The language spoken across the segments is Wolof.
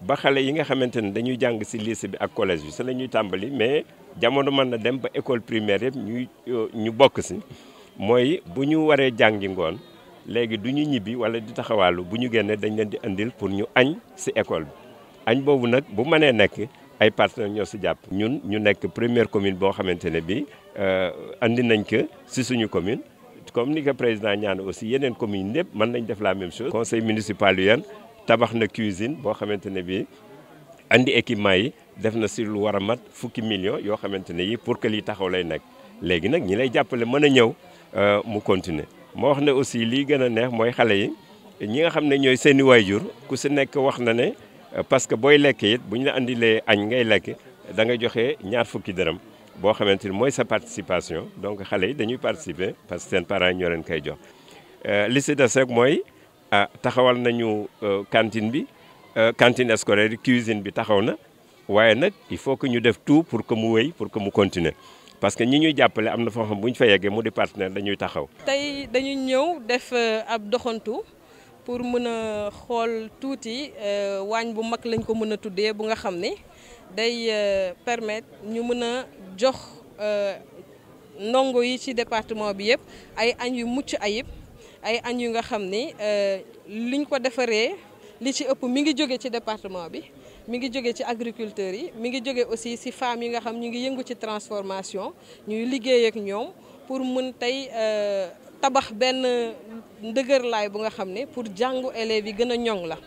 ba xale yi nga xamante ne dañuy jàng si lycée bi ak collège bi si la ñuy tàmbali mais jamono mën na dem ba école primaire yëpp ñuy euh, ñu bokk si mooy bu ñu waree jàngi ngoon léegi du ñu ñibbi walla di taxawaalu bu ñu génnee dañ leen di andil pour ñu añ si école bi añ boobu nag bu mënee nekk ay partenaires ñoo si jàpp ñun ñu nekk première commune boo xamante ne bi euh, andi nañ ko ci suñu commune comme ni ko président ñaan aussi yeneen commune yëpp mën nañ def la même chose conseil municipal tabax na cuisine boo xamante ne bii andi équipement yi def na si lu war a mat fukki millions yoo xamante ne yi pour que li taxaw lay nekk léegi nag ñi lay jàppale mën a ñëw euh, mu continuer. moo wax ne aussi lii gën a neex mooy xale yi ñi nga xam ne ñooy seeni waajur ku si nekk wax na ne euh, parce que booy lekk it bu ñu la andilee añ ngay lekk da nga joxe ñaar fukki dërëm boo xamante ni mooy sa participation donc xale yi dañuy participer parce que seen parents ñoo leen kay jox euh, li si des rek mooy. ah taxawal nañu euh, cantine bi euh, cantine scolaire yi cuisine bi taxaw na waaye nag il faut que ñu def tout pour que mu wéy pour que mu continuer parce que ñi ñuy jàppale am na foo xam bu ñu fa yeggee mu di dañuy taxaw. tey dañu ñëw def euh, ab doxantu pour mën a xool tuuti waañ bu mag lañ ko mën a tuddee bu nga xam ni day permettre ñu mën a jox ndongo yi ci département bi yëpp ay añ yu mucc ayib. ay añ yu nga xam ni euh, liñ ko defaree li ci ëpp mi ngi jóge ci département bi mi ngi jóge ci agriculteurs yi mi ngi jóge aussi si femmes yi nga xam ñu ngi yëngu ci transformation ñuy liggéey ak ñoom pour mën tey euh, tabax benn ndëgërlaay bu nga xam ne pour jàngu élèves yi gën a ñoŋ la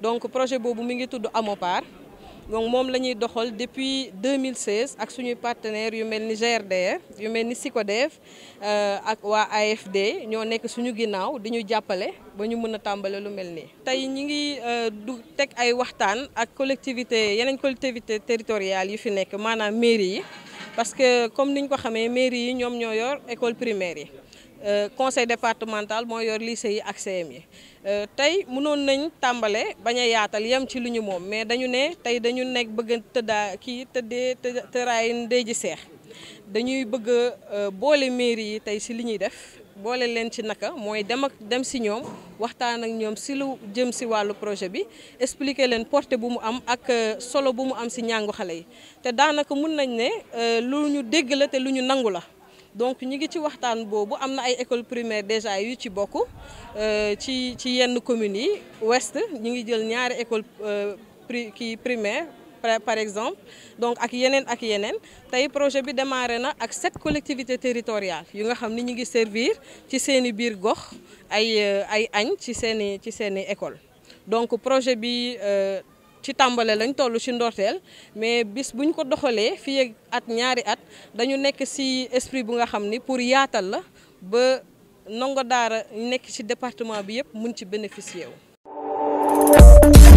donc projet boobu mi ngi tudd Amopar donc mom lañuy doxal depuis 2016 ak suñu partenaire yu melni ni yu melni ni euh ak wa AFD ño nek suñu ginnaw diñu jappalé ba ñu a lu melni tay ñi ngi euh, du tek ay waxtaan ak collectivité yeneen collectivité territoriale yu fi nek manam mairie parce que comme niñ ko xamé mairie yi ñoom ñoo yor école primaire yi. Euh, conseil départemental moo yor lycée yi ak CM yi euh, tey mënoon nañ tàmbale bañ a yaatal yem ci lu ñu moom mais dañu ne tey dañu nekk bëgg tëddaa kii tëddee tëraay ndey ji seex dañuy bëgg euh, boole mairie yi tey si li ñuy def boole leen ci naka mooy dem ak dem si ñoom waxtaan ak ñoom si lu jëm si wàllu projet bi expliquer leen portée bu mu am ak solo bu mu am si ñàngu xale yi te daanaka mun nañ ne lu ñu dégg la te lu ñu nangu la donc ñi ngi ci waxtaan boobu amna ay école primaire déjà yu ci bokk euh, ci ci yenn commune yi ouest ñi ngi jël ñaari école euh, pri kii primaire par exemple donc ak yenen ak yenen tay projet bi démarré na ak sept collectivités territoriales yu nga xamni ñi ngi servir ci seen i biir gox ay euh, ay agne ci seen ci seen école donc projet bi euh, ci tàmbale lañ toll ci ndorteel mais bis buñ ko doxalee fii ak at ñaari at dañu nekk ci esprit bu nga xam ni pour yaatal la ba ndongo daara nekk ci département bi yëpp mun ci bénéficier wu.